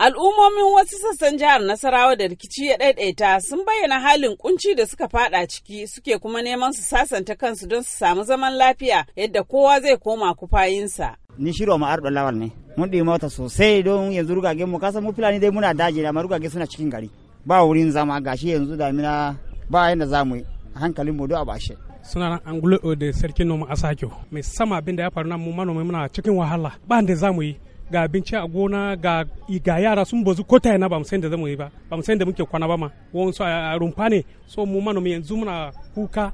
Al'ummomin wasu sassan jihar Nasarawa da rikici ya ɗaiɗaita sun bayyana halin kunci da suka fada ciki suke kuma neman su sasanta kansu don su samu zaman lafiya yadda kowa zai koma kufayinsa. Ni shiro ma arɗo lawal ne, mun ɗi mota sosai don yanzu rugage mu kasa mu filani dai muna daji da rugage suna cikin gari. Ba wurin zama gashi yanzu damina ba yadda za mu yi hankalin mu a bashe. Suna nan angulo da sarkin noma Asakio mai sama abin da ya faru nan mu manomi muna cikin wahala ba da za mu yi. ga abinci a gona ga yara sun bazu ko ta ba musayin da zamu yi ba ba musayin da muke kwana ba ma su a rumfa ne so mu manomi yanzu muna kuka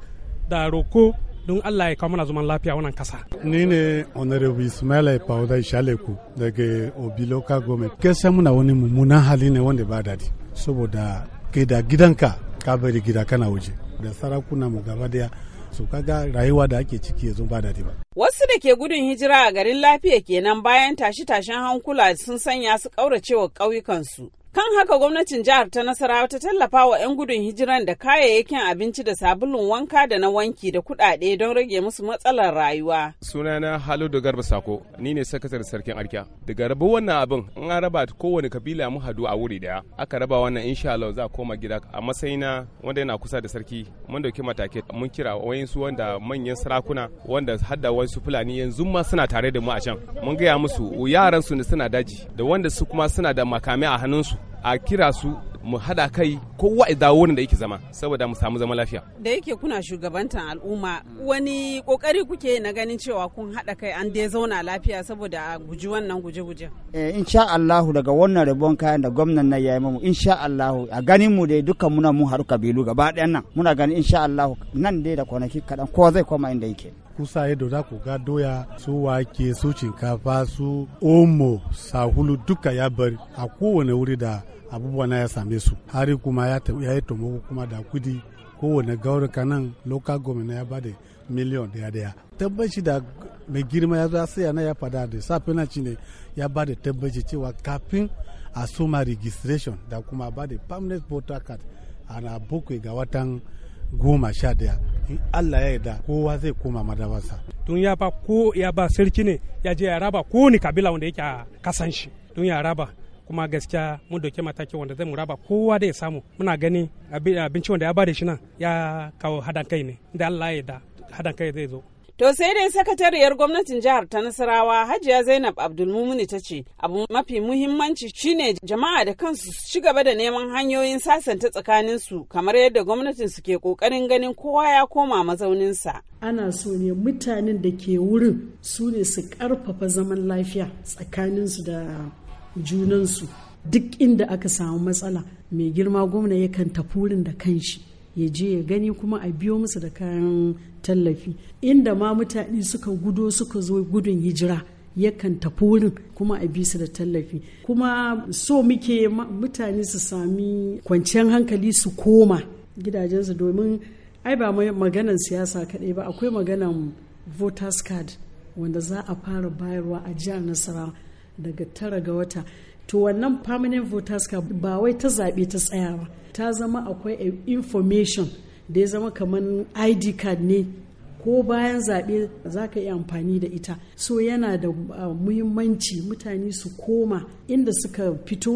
da roko don Allah ya kawo mana zaman lafiya wannan kasa. Ni ne Honorable Ismaila Pauda Ishaleku daga Obi Local Government. Gaskiya muna wani mummunan hali ne wanda ba daɗi saboda ke da gidanka ka bari gida kana waje da sarakuna mu gaba daya so kaga rayuwa da ake ciki yanzu ba daɗi ba. Wasu da ke gudun hijira a garin lafiya kenan bayan tashi-tashen hankula sun sanya su ƙauracewa ƙauyukansu. Kan haka gwamnatin jihar ta Nasarawa ta tallafa wa 'yan gudun hijiran da kayayyakin abinci da sabulun wanka da na wanki da kudade don rage musu matsalar rayuwa. Sunana da Garba Sako, ni ne sakatar sarkin Arkiya. Daga rabu wannan abin, in an raba kowane kabila mu hadu a wuri daya, aka raba wannan insha Allah za a koma gida a na wanda yana kusa da sarki. Mun dauki matakai mun kira wayansu wanda manyan sarakuna wanda hadda wasu Fulani yanzu ma suna tare da mu a can. Mun gaya musu yaran su ne suna daji da wanda su kuma suna da makami a hannunsu. a kira su mu hada kai kowa ya dawo wurin da yake zama saboda mu samu zama lafiya. Da yake kuna shugabantan al'umma wani kokari kuke na ganin cewa kun haɗa kai an dai zauna lafiya saboda a guji wannan guje-guje. Eh, insha Allahu daga wannan rabon kayan da gwamnan na ya yi mamu insha Allahu a ganin mu dai dukkan muna mun haɗu kabilu gaba ɗayan nan muna ganin insha Allahu nan dai da kwanaki kaɗan kowa zai koma inda yake. kusa yadda za ku ga doya su wake su shinkafa su omo sahulu duka ya bari a kowane wuri da abubuwa na ya same su hari kuma ya yi tomoko kuma da kudi kowane gauri kanan local government ya bada miliyon daya daya tabbaci da mai girma ya zo ya na ya fada da safe na cine ya ba bada tabbaci cewa kafin a suma registration da kuma bada permanent voter card ana na ga watan goma sha daya in Allah ya yarda kowa zai koma madabarsa tun ya ba ko ya ba sarki ne ya je ya raba ni kabila wanda yake a kasan shi tun ya raba kuma gaskiya mun doke mataki wanda zai mu raba kowa da ya samu muna gani abinci wanda ya ba da shi nan ya kawo hadan kai ne da Allah ya yarda hadan kai zai zo To sai dai sakatariyar gwamnatin jihar ta Nasarawa Hajiya Zainab Abdulmumuni ta ce abu mafi muhimmanci shine jama'a da kansu su ci gaba da neman hanyoyin sasanta tsakanin su kamar yadda gwamnatin su ke kokarin ganin kowa ya koma mazauninsa. Ana so ne mutanen da ke wurin su ne su karfafa zaman lafiya tsakanin su da junan su duk inda aka samu matsala mai girma gwamna yakan tafi wurin da kanshi. ya je ya gani kuma a biyo musu da kayan tallafi inda ma mutane suka gudo suka zo gudun hijira yakan tafi wurin kuma a bi su da tallafi kuma so muke mutane su sami kwanciyar hankali su koma gidajensu domin ai ba maganan siyasa kaɗai ba akwai maganan voters card wanda za a fara bayarwa a jihar nasara daga tara ga wata to wannan permanent voters ka ba wai ta zaɓe ta tsaya ba ta zama akwai information da ya zama kamar id card ne ko bayan zaɓe za ka yi amfani da ita so yana da ah, muhimmanci mutane su koma inda suka fito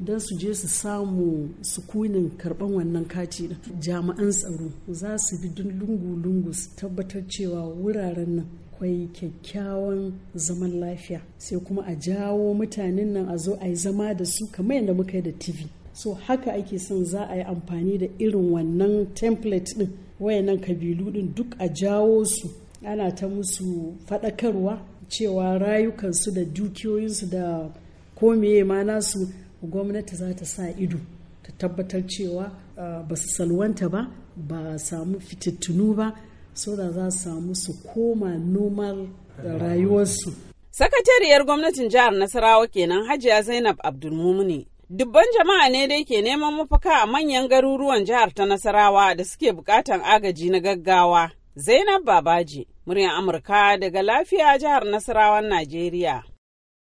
don su je su samu sukunin karban wannan kati da jami'an tsaro za su bi lungu-lungu su tabbatar cewa wuraren nan kwai kyakkyawan zaman lafiya sai kuma a jawo mutanen nan a zo a yi zama da su kamar yadda muka yi da tv so haka ake son za a yi amfani da irin wannan template din wayannan kabilu din duk a jawo su ana ta musu faɗakarwa cewa rayukansu da dukiyoyinsu da komeye ma nasu gwamnati za ta sa ido ta tabbatar cewa uh, ba su salwanta ba ba samu fitattunu ba so da za su samu su koma normal uh, rayuwarsu. Sakatariyar gwamnatin jihar Nasarawa kenan Hajiya Zainab Abdulmumini. Dubban jama'a ne dai ke neman mafaka a manyan garuruwan jihar ta Nasarawa da suke bukatan agaji na gaggawa. Zainab Babaji, muryan Amurka daga lafiya jihar Nasarawan Najeriya.